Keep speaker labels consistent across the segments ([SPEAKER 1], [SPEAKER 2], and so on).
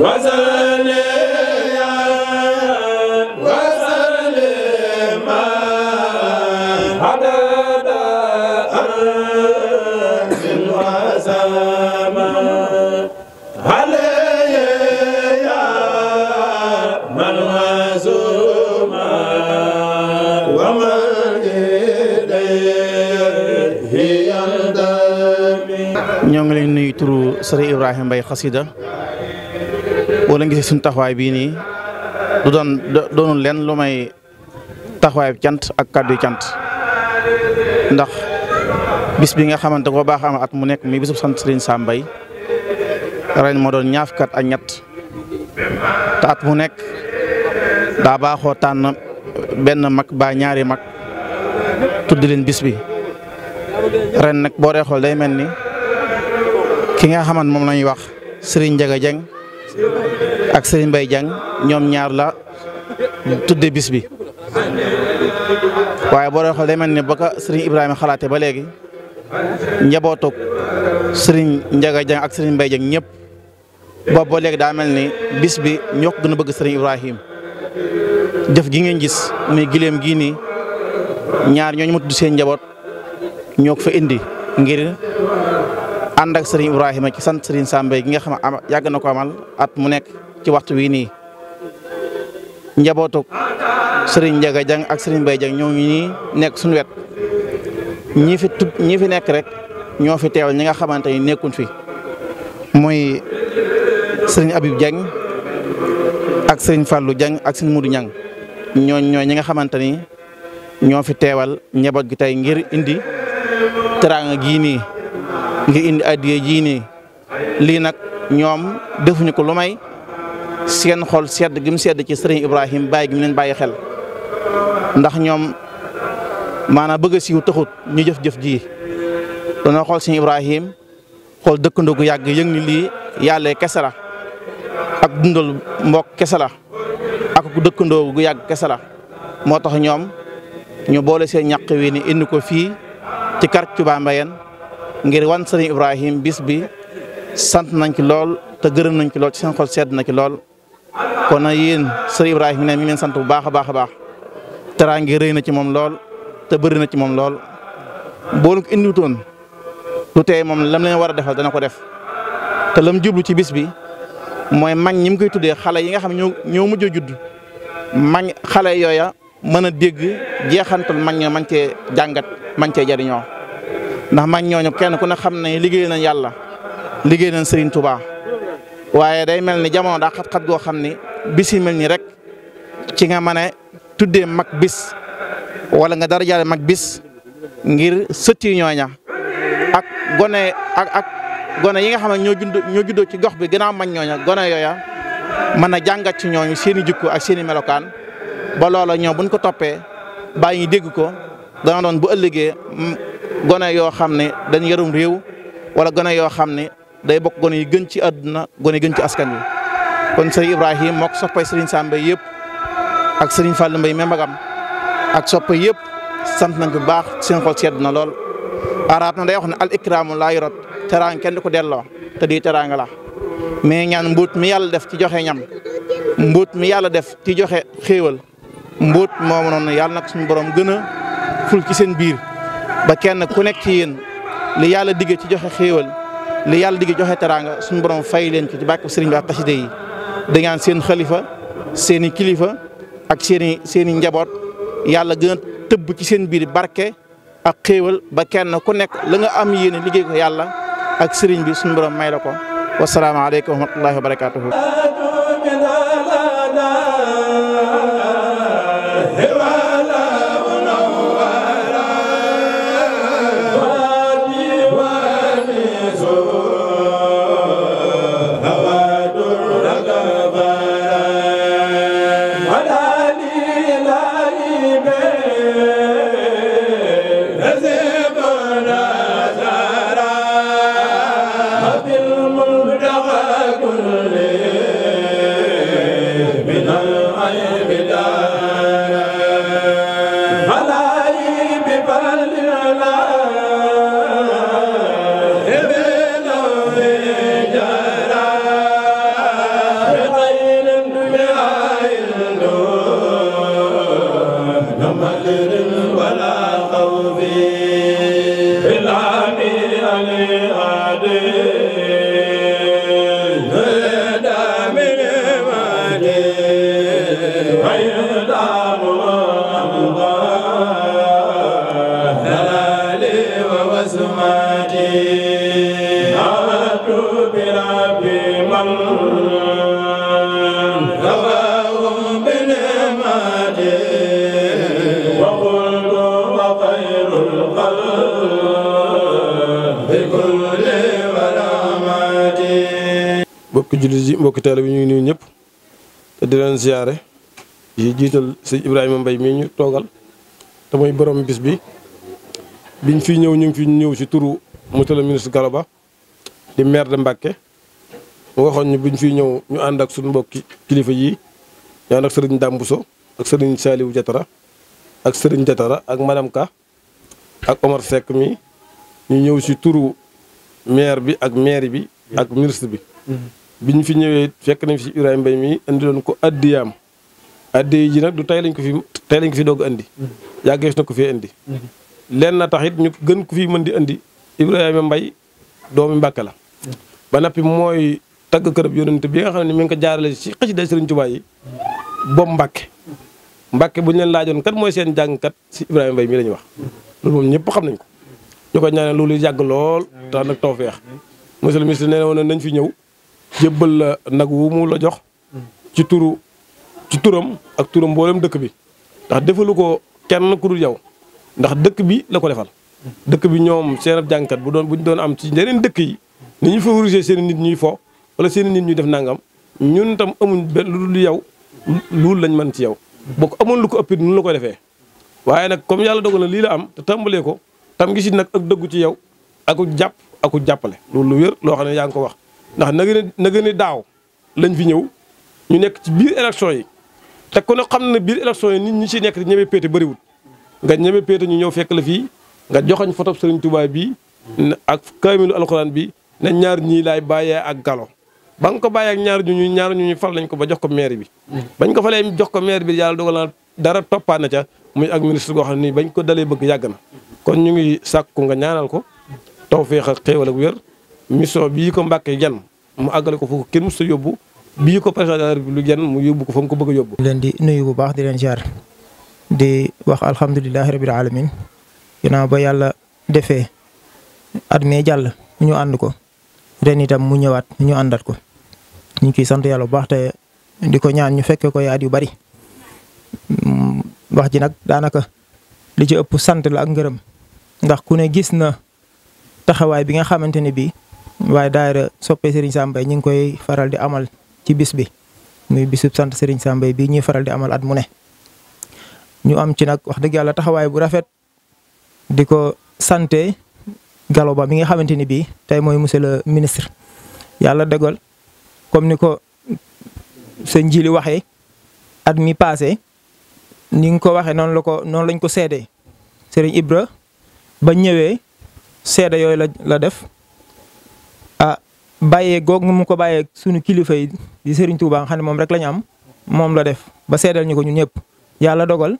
[SPEAKER 1] وداني
[SPEAKER 2] sëriñ Ibrahima mbay xasida wala ngi si suñ taxawaay bii nii du doon leen lu may taxawaayu cant ak kàddu cant ndax bis bi nga xamante ko baax am at mu nekk mi bisub sant sëriñ Sam mbay ren moo doon ñaafkat ak ñett te at mu nekk daa baaxoo tànn benn mag ba ñaari mag tudd leen bis bi ren boo dee xool day ni ki nga xamant moom la ñuy wax Serigne Ndiaga Dieng ak Serigne Mbaye Dieng ñoom ñaar la tudde bis bi waaye boo doon xool mel ni ba ka Serigne xalaate ba léegi njabootug sëriñ Ndiaga Dieng ak Serigne Mbaye Dieng ñëpp boobu ba léegi daa mel ni bis bi ñoo ko gën a bëgg Serigne Ibrahima jëf gi ngeen gis muy gileem gii ñaar ñooñu ma tudd seen njaboot ñoo fa indi ngir ànd ak Serigne Ibrahima ci sant Serigne Sambey gi nga xam ne yàgg na ko amal at mu nekk ci waxtu wii nii njabootu Serigne Ndiaga Dieng ak Serigne Mbaye Dieng ñoo ngi nii nekk suñu wet ñi fi fi nekk rek ñoo fi teewal ñi nga xamante ni nekkuñ fi muy Serigne Habib Dieng ak Serigne Fallou Dieng ak Serigne Modou Niang ñi nga xamante ni ñoo fi teewal njaboot gi tey ngir indi teraanga gii ngir indi addiya jii nii lii nag ñoom defuñu ko lu may seen xol sedd gi sedd ci sëriñ Ibrahim bàyyi gi mu leen bàyyi xel ndax ñoom maanaam bëgg a siiw taxut ñu jëf-jëf ji danoo xool sëriñ Ibrahim xool dëkkandoo gu yàgg yëg ni lii yàlla kese la ak dundal mbok kese la ak dëkkandoo gu yàgg kese la moo tax ñoom ñu boole seen ñàq wi ni indi ko fii ci quartier Touba Mbayeen ngir wan sëriñ Ibrahim bis bi sant nañ ci lool te gërëm nañ ci lool ci seen xol sedd na ci lool kon nag yéen sëriñ Ibrahim ne mi leen sant bu baax a baax a baax teraange rëy na ci moom lool te bëri na ci moom lool boo ko indiwutoon lu tey moom lam leen war a defal dana ko def te lam jublu ci bis bi mooy mag ñim koy tuddee xale yi nga xam ñoo ñoo mujj a judd mag xale yooya mën a dégg jeexantal mag ña man cee jàngat man cee jariñoo ndax mag ñooñu kenn ku ne xam ne liggéey nañ yàlla liggéey nañ Serigne tubaa waaye day mel ni jamono da xat-xat goo xam ni bis yi mel ni rek ci nga mën a tuddee mag bis wala nga dara jaare mag bis ngir sëtti ñooña ak gone ak ak gone yi nga xam ne ñoo judd ñoo juddoo ci gox bi gënaaw mag ñooña gone yooya mën a jàngat ci ñooñu seen i ak seeni melokaan ba loola ñoom buñ ko toppee bàyyi ñu dégg dana doon bu ëllëgee gone yoo xam ne dañ yarum réew wala gone yoo xam ne day bokk gone yi gën ci àdduna gone gën ci askan wi kon sëriñ Ibrahima moo ko soppay sëriñ Samba yëpp ak sëriñ Fallou Mbaye même mbagam ak soppa yëpp sant nañ bu baax seen xol sedd na lool. arab na day wax ne al ikraamu laa yorot teraanga kenn du ko delloo te di teraanga la mais ñaan mbuut mi yàlla def ci joxe ñam mbuut mi yàlla def ci joxe xéewal mbuut moomu noonu yàlla nag suñu borom gën a ful ci seen biir. ba kenn ku nekk ci yéen li yàlla digge ci joxe xéewal li yàlla digge joxe teraanga suñu borom fay leen ko ci bàkk sëriñ bi ak xasida yi dañaan seen xalifa seen i kilifa ak seen i njaboot yàlla gën tëb ci seen biir barke ak xéewal ba kenn ku nekk la nga am yéene liggéey ko yàlla ak sëriñ bi suñu borom may la ko wasalaamaaleykum wa rahmatullahi wa barakaatuhu
[SPEAKER 1] Amen. mbokki jullit yi mbokki taalibe bi ñu ngi nuyu ñëpp te di leen siyaare yi jiital sëñ Ibrahima mbay mii ñu toogal te mooy borom bis bi biñ fi ñëw ñu ngi fi ñëw ci turu monsieur le ministre Gallo Ba di maire de Mbacké mu waxoon ñu biñ fi ñëw ñu ànd ak suñu mbokki kilifa yi ñu ànd ak sëriñ Dambuso ak sëriñ Saliou Diatara ak sëriñ Diatara ak madame Ka ak Omar Seck mi ñu ñëw si turu maire bi ak maire bi ak ministre bi mm-hmm. bi biñ fi ñëwee fekk nañ ci Ibrahima mbay mi indiloon ko addiyaam addiya ji nag du tey lañ ko fi tey lañ ko fi doog andi yàggees na ko fi indi leen na tax it ñu gën ko fi mën di indi Ibrahima Mbaye doomi Mbàkke la ba nappi mooy tagg kërëb yonent bi nga xam mi ngi ko jaarale ci xasida Sëriñ Tuubaa yi boobu Mbàkke Mbàkke bu ñu leen laajoon mooy seen jàngkat si Ibrahima mi la wax loolu ñëpp xam nañ ko ñu loolu yàgg lool te nag tawfeex monsieur le ministre nee na woon nañ fi ñëw jébbal la nag wu mu la jox ci turu ci turam ak turam mboolem dëkk bi ndax defalu ko kenn ku dul yow ndax dëkk bi la ko defal dëkk bi ñoom seen ab jàngkat bu doon bu ñu doon am ci yeneen dëkk yi ni ñuy favoriser seen nit ñuy fo wala seen nit ñuy def nangam ñun tam amuñ benn lu dul yow loolu lañ mën ci yow boo ko amoon lu ko ëppit nunu la koy defee waaye nag comme yàlla dogal na lii la am te tàmbalee ko tam ngi si nag ak dëggu ci yow aku jàpp aku jàppale loolu lu loo xam ne yaa ngi ko wax ndax na gën na gën daaw lañ fi ñëw ñu nekk ci biir élection yi te ku ne xam na biir élection yi nit ñi si nekk ñeme péete bëriwul nga ñeme péete ñu ñëw fekk la fii nga joxañ photo Serigne Touba bi ak kaamilu alxuraan bi na ñaar ñii laay bàyyee ak galo ba nga ko bàyyee ak ñaar ñu ñuy ñaar ñu ñuy fal nañ ko ba jox ko maire bi bañ ko falee jox ko maire bi yàlla dogal na dara toppaat ca muy ak ministre goo xam ne bañ ko dalee bëgg yàgg na kon ñu ngi sàkku nga ñaanal ko tawféex ak xéewal ak wér mission bii ko Mbàkke jan mu àggale ko foofu kenn mu sa yóbbu bii ko président lu la jan mu yóbbu ko fa mu ko bëgg a yóbbu.
[SPEAKER 3] leen di nuyu bu baax di leen ziar di wax alhamdulilah rabil alamin ginnaaw ba yàlla defee at mee jàll ñu ànd ko ren itam mu ñëwaat ñu àndat ko ñu ngi sant yàlla bu baax te di ko ñaan ñu fekkee ko yaat yu bari wax ji nag daanaka li ci ëpp sant la ak ngërëm ndax ku ne gis na taxawaay bi nga xamante ne bii. waaye daayira soppe Serigne sambay Mbaye ñu ngi koy faral di amal ci bis bi muy bisub sant Serigne sambay Mbaye bii ñuy faral di amal at mu ne. ñu am ci nag wax dëgg yàlla taxawaay bu rafet di ko sante Gallo Ba mi nga xamante ni bii tey mooy monsieur le ministre yàlla dogal comme ni ko sëñ ji li waxee at mi passé ni nga ko waxee noonu la ko noonu lañ ko seedee Serigne Ibra ba ñëwee seede yooyu la la def ah bàyyee googu mu ko bàyyee sunu kilifa yi di Serigne Touba nga xam ne moom rek la ñu am moom la def ba seddal ñu ko ñu ñëpp yàlla dogal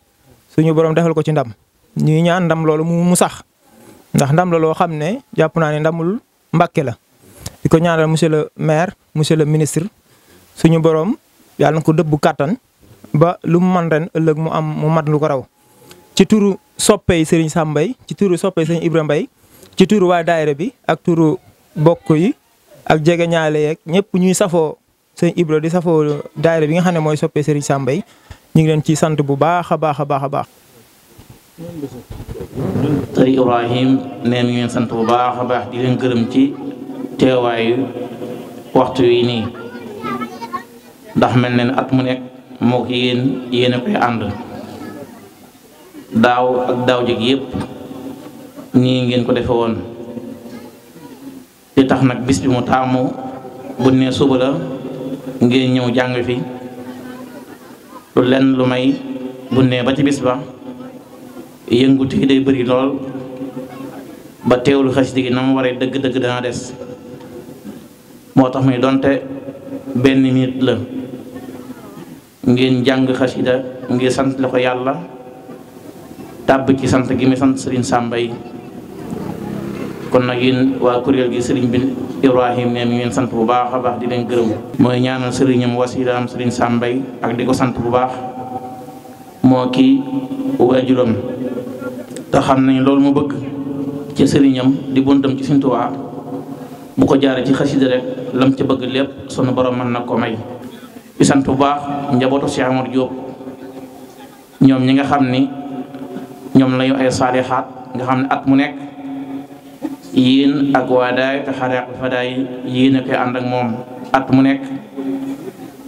[SPEAKER 3] suñu borom defal ko ci ndam ñuy ñaan ndam loolu mu sax ndax ndam la loo xam ne jàpp naa ne ndamul Mbàkke la. di ko ñaanal monsieur le maire monsieur le ministre suñu borom yàlla ko dëbbu kàttan ba lu mu man ren mu am mu mat lu ko raw ci turu soppey Serigne Sam Mbaye ci turu soppee Serigne Ibrahima Mbaye ci turu waa daayira bi ak turu. bokk yi ak jegeñaale yeeg ñëpp ñuy safoo sëñ Ibra di safoo daayira bi nga xam ne mooy soppee Serigne Sam ñu ngi leen ciy sant bu baax a baax a baax a baax.
[SPEAKER 2] sëriñ Ibrahim nee nañ sant bu baax a baax di leen gërëm ci teewaayu waxtu wi nii ndax mel na ne at mu nekk moo ko yéen yéen koy ànd. daaw ak daaw jëg yëpp nii ngeen ko defe woon. li tax nag bis bi mu taamu bu ne suba la ngeen ñëw jàng fi lu lenn lu may bu ba ci bis ba yëngutu yi day bëri lool ba teewlu xasida gi na mu waree dëgg-dëgg dana des moo tax muy donte benn minute la ngeen jàng xasida ngir sant la ko yàlla tàbb ci sant gi muy sant Sëriñ Sàmba yi kon nag yéen waa kuréel gi sëriñ bi Ibrahim neen ñu leen sant bu baax a baax di leen gërëm mooy ñaanal sëriñam wasilaam sëriñ Sambay ak di ko sant bu baax moo kii waajuram te xam nañ loolu mu bëgg ci sëriñam di buntam ci Sëriñ bu ko jaaree ci xasida rek lam ci bëgg lépp sunu borom mën na ko may di sant bu baax njabootu Cheikh Amadou Diop ñoom ñi nga xam ni ñoom lañu ay saalixaat nga xam ne at mu nekk yéen ak waa daayira Xaraq fa daay yéen a koy ànd ak moom at mu nekk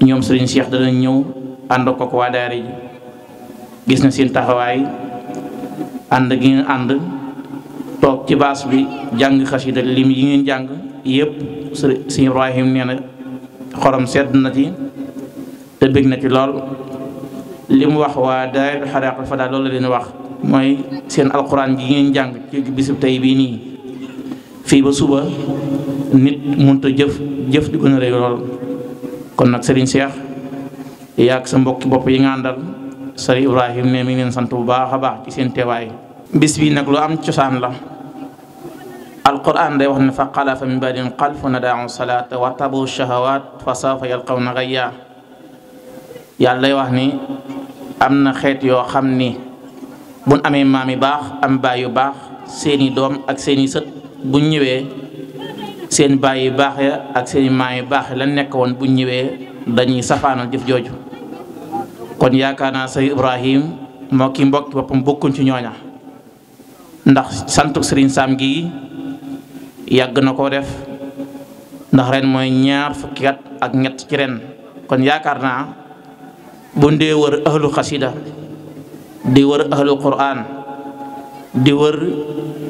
[SPEAKER 2] ñoom Serigne Cheikh dana ñëw ànd ak waa daayira ji gis na seen taxawaay ànd gi ngeen ànd toog ci baas bi jàng xasida lim yi ngeen jàng yëpp Serigne Ibrahim nee na xorom sedd na ci te bég na ci lool li wax waa daayira Xaraq fa daay loolu leen wax mooy seen alquran gi ngeen jàng ci bisub tey bii nii. fii ba suba nit munta jëf jëf di gën a rëy kon nag Serigne Cheikh yaag sa mbokki bopp yi nga àndal Serigne Ibrahim ne mi ngi sant bu baax a baax ci seen teewaay bis bi nag lu am cosaan la alquran day wax ne fa xalafa min baadin xalfun adaau salaata wa yàlla day wax ni am na xeet yoo xam ni buñ amee maam baax am baay yu baax seeni doom ak seeni sët bu ñëwee seen baay yu baax ya ak seen maam yu baax ya la nekk woon buñ ñëwee dañuy safaanal jëf jooju kon yaakaar naa say Ibrahim moo ki mbokki boppam bokkuñ ci ñooña ndax santuk Serigne Sam gi yàgg na koo def ndax ren mooy ñaar fukki at ak ñett ci ren kon yaakaar naa bu ndee wër ahlu xasida di wër ahlu quraan di wër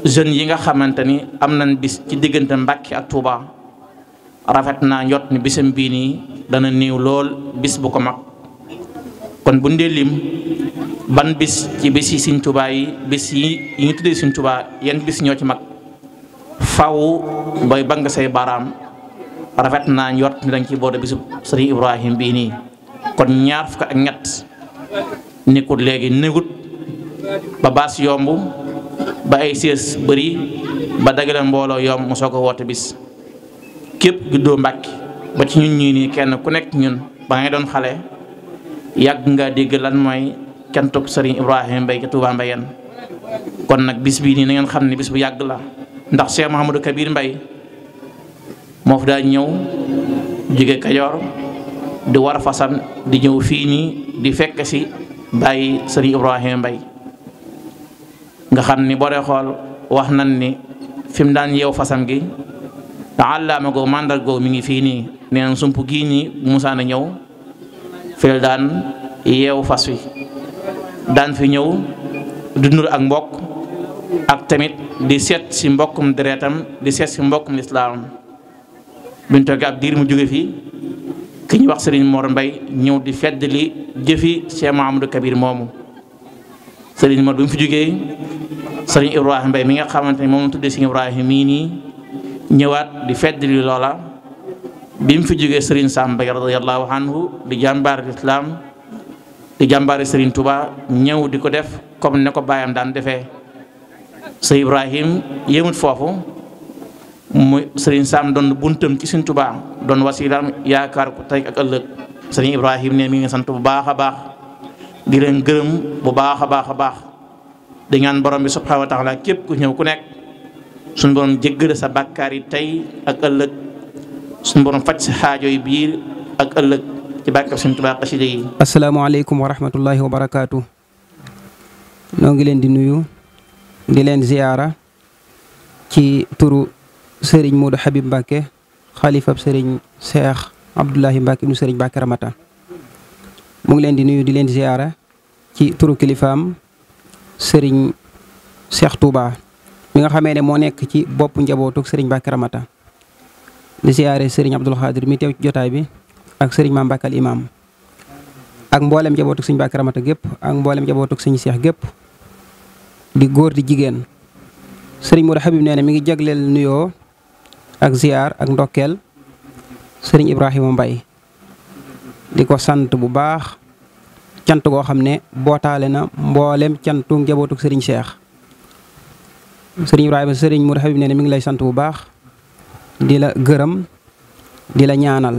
[SPEAKER 2] jeunes yi nga xamante ni am na bis ci diggante Mbàkke ak Touba rafet naa jot ni bisam bii nii dana néew lool bis bu ko mag kon bu ndee lim ban bis ci bis yi Sëñ Touba yi bis yi ñu tuddee Sëñ Touba yenn bis ñoo ci mag faw booy bang say baaraam rafet naa njot ni danga ci boole bisub Sëriñ Ibrahim bii nii kon ñaar fukk ak ñett nekkut léegi négut ba yomb ba ay sées bëri ba dagale mbooloo yomb mu soog woote bis képp juddoo Mbàkke ba ci ñun ñii nii kenn ku nekk ñun ba ngay doon xale yàgg nga dégg lan mooy cantuk Serigne Ibrahima Mbaye ca Touba Mbayeen kon nag bis bii nii na xam ne bis bu yàgg la ndax Cheikh Mouhamadou Kabir mbay moo fi daa ñëw jóge Kajoor di war a fasan di ñëw fii nii di fekk si bàyyi Serigne Ibrahima mbay nga xam ni boo xool wax nan ni fi mu daan yeew fasam gi àllaama googu màndar googu mi ngi fii nii nee na sump gii nii Moussa ñëw fi la daan yeew fas wi daan fi ñëw du nur ak mbokk ak tamit di seet si mbokkum deretam di seet si mbokkum lislaamam biñ toogee ab diir mu jóge fi ki ñu wax Serigne Mor Mbay ñëw di fedd li jëfi Cheikh Mahamadou Kabir moomu sëriñ Mor bi mu fi jógee sëriñ Ibrahima Mbaye mi nga xamante ni moom la tuddee sëriñ Ibrahima mii nii ñëwaat di fedd feddali loola bi mu fi jógee sëriñ Sam Mbaye radiyallahu anhu di jàmbaar lislaam di sëriñ tubaa ñëw di ko def comme ne ko baayam daan defee sëriñ Ibrahima yëmut foofu. mu sëriñ Sam doon buntam ci sëriñ Tuubaa doon wasiilaam yaakaar ko tey ak ëllëg sëriñ Ibrahima ne mi ngi sant bu baax a baax di leen gërëm bu baax a baax a baax di ñaan borom bi subhaanahu wa taala képp ku ñëw ku nekk suñ borom jéggal sa bàkkaar yi tey ak ëllëg suñu borom faj sa xaajo yi biir ak ëllëg ci bàkkaar suñu Tuubaa xasida yi.
[SPEAKER 4] asalaamaaleykum wa rahmatullahi wa barakaatu. noo ngi leen di nuyu di leen ziyaara ci turu Serigne Modou Habib Mbacke xalifab Serigne Cheikh Abdoulahi Mbacke ibnu Serigne Mbacke Ramata. mu ngi leen di nuyu di leen ziyaara ci turu kilifaam sëriñ Cheikh Touba mi nga xamee ne moo nekk ci bopp njabootuk sëriñ Mbàkke Ramata di ziyaare sëriñ Abdul Xaadir mi teew ci jotaay bi ak sëriñ Maam Mbàkke Imaam ak mboolem njabootuk sëriñ Mbàkke gépp ak mboolem njabootuk sëriñ seex gépp di góor di jigéen sëriñ Modou Habib nee na mi ngi jagleel nuyoo ak ziyaar ak ndokkeel sëriñ Ibrahima mbay di ko sant bu baax cant koo xam ne bootaale na mboolem cantu njabootu sëriñ Cheikh. sëriñ Ibrahima sëriñ Mourou Habib nee na mi ngi lay sant bu baax di la gërëm di la ñaanal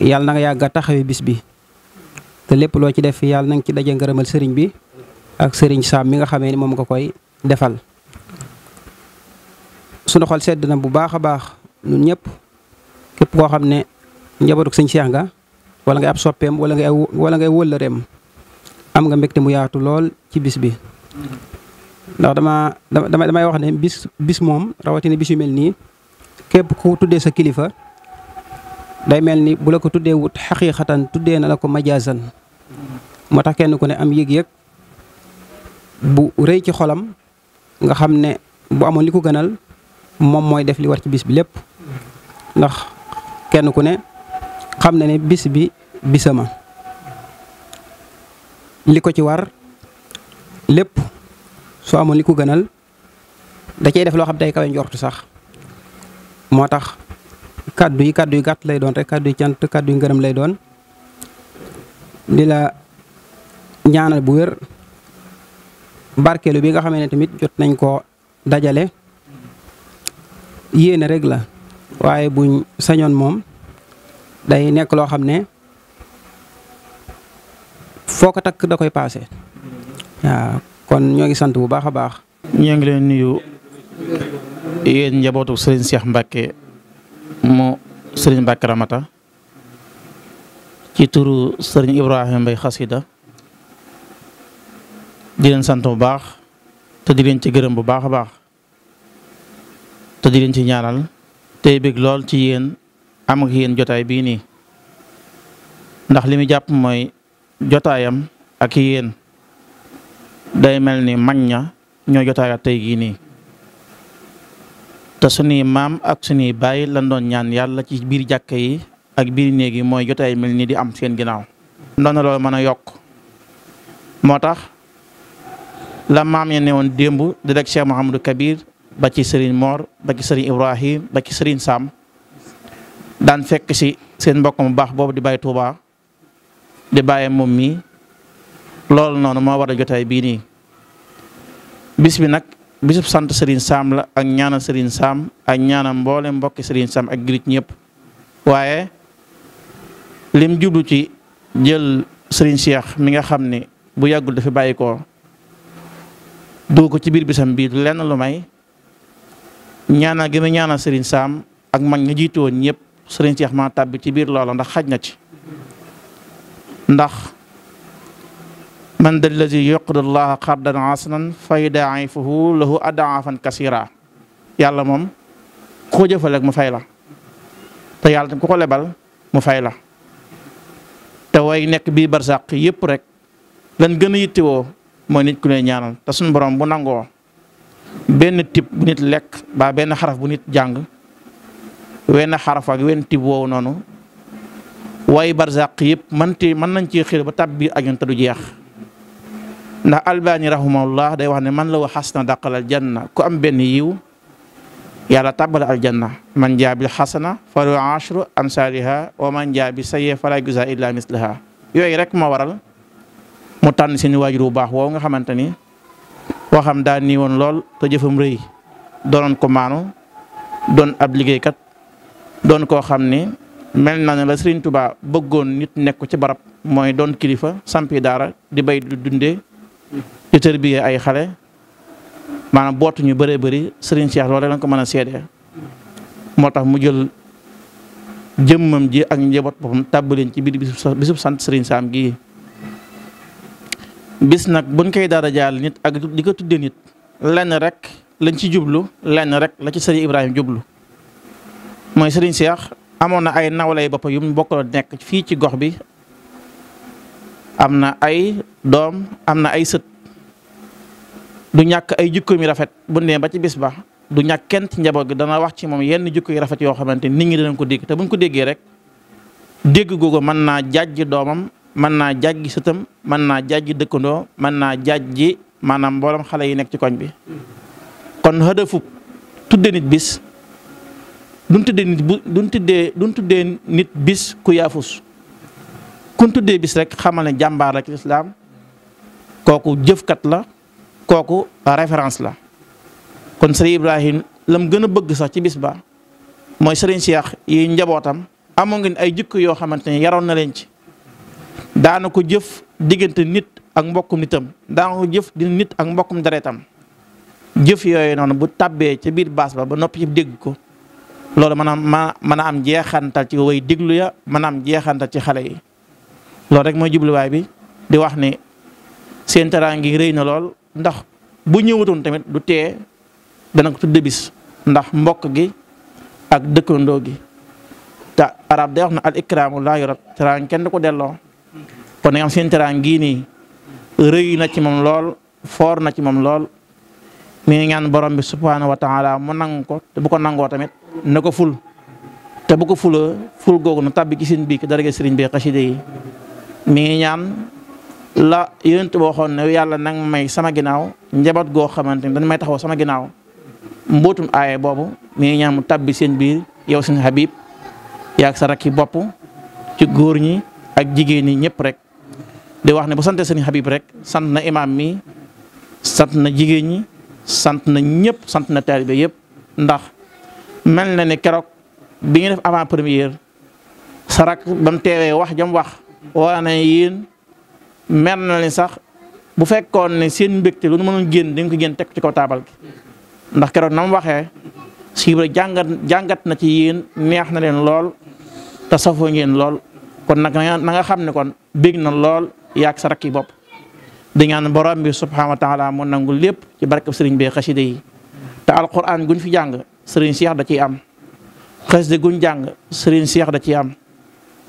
[SPEAKER 4] yàlla na nga yàgg a taxawi bis bi te lépp loo ci def yàlla na nga ci daje ngërëmal sëriñ bi ak sëriñ Sam mi nga xamee ni moom nga koy defal. sunu xol sedd na bu baax a baax ñun ñëpp képp koo xam ne njabootu sëñ Cheikh nga wala ngay ab soppeem wala ngay wala ngay wëllëreem am nga mbégte mu yaatu lool ci bis bi. ndax dama dama damay wax ne bis bis moom rawatina bis yu mel nii képp ku tuddee sa kilifa day mel ni bu la ko tuddee wut xaqiiqatan tuddee na la ko majaasan moo tax kenn ku ne am yëg-yëg bu rëy ci xolam nga xam ne bu amoon li ko gënal moom mooy def li war ci bis bi lépp ndax kenn ku ne. xam na ne bis bi bisama li ko ci war lépp soo amoon li ko gënal da cay def loo xam day kawe njortu sax moo tax kàddu yi kàddu yi gàtt lay doon rek kàddu yu cant kàddu yu ngërëm lay doon di la ñaanal bu wér barkeelu bi nga xamee ne tamit jot nañ koo dajale yéene rek la waaye buñ sañoon moom day nekk loo xam ne foo ko takk da koy paase. waaw kon ñoo ngi sant bu baax a baax. ñoo ngi leen
[SPEAKER 2] nuyu yéen njabootu sëriñ Cheikh mbakke mu sëriñ Mbacke Ramata ci turu Serigne Ibrahima Mbaye Xasida di leen sant bu baax te di leen ci gërëm bu baax a baax te di leen ci ñaanal tey bëgg lool ci yéen. am ak yéen jotaay bii nii ndax li mu jàpp mooy jotaayam ak yéen day mel ni mag ña ñoo jotaaya tey gii nii te suñuy maam ak suñuy baay lan doon ñaan yàlla ci biir jàkka yi ak biir néeg mooy jotaay mel ni di am seen ginnaaw ndoona loolu mën a yokk moo tax la maam ya woon démb di rek Cheikh Mouhamadou Kabir ba ci Serigne Mor ba ci Serigne Ibrahim ba ci Serigne Sam daan fekk ci seen mbokk mu baax boobu di bàyyi Touba di bàyyi moom mii loolu noonu moo war a jotaay bii nii bis bi nag bisub sant Serigne Sam la ak ñaanal Serigne Sam ak ñaanal mboole mbokki Serigne Sam ak girit ñëpp waaye lim jublu ci jël Serigne Cheikh mi nga xam ne bu yàggul dafa bàyyi ko ko ci biir bisam bii lenn lu may ñaanal gi mu ñaanal Sam ak mag ñi jiitu ñëpp sëriñ Cheikh ma tàbbi ci biir loola ndax xaj na ci ndax man da lazi yuqridu llaha qardan hasanan fa yudaa'ifuhu lahu ad'aafan kasiira yàlla moom ku ko jëfal rek mu fay la te yàlla tam ku ko lebal mu fay la te way nekk bii barsàq yëpp rek lan gën a yittewoo mooy nit ku ne ñaanal te suñ boroom bu nangoo benn tip bu nit lekk ba benn xaraf bu nit jàng wenn xaraf ak wenn tib woowu noonu waaye barzaq yëpp mën mën nañ ci xir ba tab bi ajoon te du jeex ndax albani rahimahullah day wax ne man la wa xasna daqal aljanna ku am benn yiw yàlla tàbbal aljanna man jaa bil xasana falahu ashru amsaliha wa man jaa bi sayyi'a fala yujza illa mislaha yooyu rek ma waral mu tànn seen waajur bu baax woow nga xamante ni waxam daa nii lool te jëfam rëy doonoon ko maanu doon ab liggéeykat doon koo xam ni mel na ne la Serigne Touba bëggoon nit nekku ci barab mooy doon kilifa sampi daara di bay du dunde di tërbiyee ay xale maanaam bootu ñu bëree bëri Serigne Cheikh loolu lañ ko mën a seedee moo tax mu jël jëmmam ji ak njaboot boppam tàbbaleen ci biir bisub sant Serigne Sam gii bis nag buñ koy daara jaal nit ak di ko tuddee nit lenn rek lañ ci jublu lenn rek la ci Serigne Ibrahima jublu mooy sëriñ Cheikh amoon na ay nawlay bopp yu mu bokkaloon nekk fii ci gox bi am na ay doom am na ay sët du ñàkk ay jikko mi rafet bu nee ba ci bis ba du ñàkk kenn ci njaboot gi dana wax ci moom yenn jikko yu rafet yoo xamante nit ñi dinañ ko dégg te buñ ko déggee rek dégg googu mën naa jàjj doomam mën naa jàjj sëtam mën naa jàjj dëkkandoo mën naa ji maanaam mboolem xale yi nekk ci koñ bi kon hëdëfu tudde nit bis duñ tuddee nit duñ tuddee duñ tuddee nit bis ku yaafus kun tuddee bis rek xamal ne jàmbaar la ci lislaam kooku jëfkat la kooku référence la kon sëriñ Ibrahim lam gën a bëgg sax ci bis ba mooy sëriñ Cheikh yi njabootam amoo ngeen ay jikko yoo xamante ni yaroon na leen ci daana ko jëf diggante nit ak mbokkum nitam daana ko jëf di nit ak mbokkum deretam jëf yooyu noonu bu tàbbee ca biir baas ba ba noppi yëpp dégg ko loolu mën a ma mën a am jeexantal ci way diglu ya mën a am jeexantal ci xale yi loolu rek mooy jubluwaay bi di wax ni seen teraanga ngi rëy na lool ndax bu ñëwatoon tamit du tee dana ko tudde bis ndax mbokk gi ak dëkkandoo gi te arab day wax na al ikraamu laa yurat teraanga kenn du ko delloo kon nga seen teraanga gii nii rëy na ci moom lool foor na ci moom lool mi ngi ñaan borom bi subhaanahu wa taala mu nangu ko te bu ko nangoo tamit na ko ful te bu ko fuloo ful googu nu tabbi ci seen biik daraja sëriñ bi xasida yi mi ngi ñaan la yonent boo waxoon yàlla nag may sama ginnaaw njaboot goo xamante ni dañ may taxaw sama ginnaaw mbootum aaye boobu mi ngi tabbi seen biir yow seen Habib yaag sa rakki bopp ci góor ñi ak jigéen ñi ñëpp rek di wax ne bu sante seen Habib rek sant na imaam mi sant na jigéen ñi. sant na ñëpp sant na taalibe yépp ndax mel na ne keroog bi ñu def avant première sarak ba mu teewee wax jam wax wala na yéen mer na ni sax bu fekkoon ne seen mbégte lu nu mënoon génn dañ ko génn teg ci kaw taabal gi ndax keroog na mu waxee siibra jàngat jàngat na ci yéen meex na leen lool te safoo ngeen lool kon nag xam ne kon bég na lool yaag sa rakk bopp di ñaan borom bi subhanahu wa taala mu nangu lépp ci barkab sëriñ bi xasida yi te alquran guñ fi jàng sëriñ Cheikh da ciy am xasida guñ jàng sëriñ Cheikh da ciy am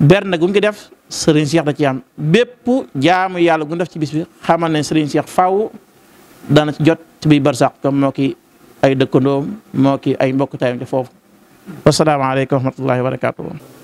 [SPEAKER 2] berne guñ ko def sëriñ Cheikh da ciy am bépp jaamu yàlla gu def ci bis bi xamal ne sëriñ Cheikh faw dana ci jot ci biir barsàq comme moo ki ay dëkkandoom moo ki ay mbokk tayam foofu wasalaamaaleykum wa rahmatullahi wa barakatuh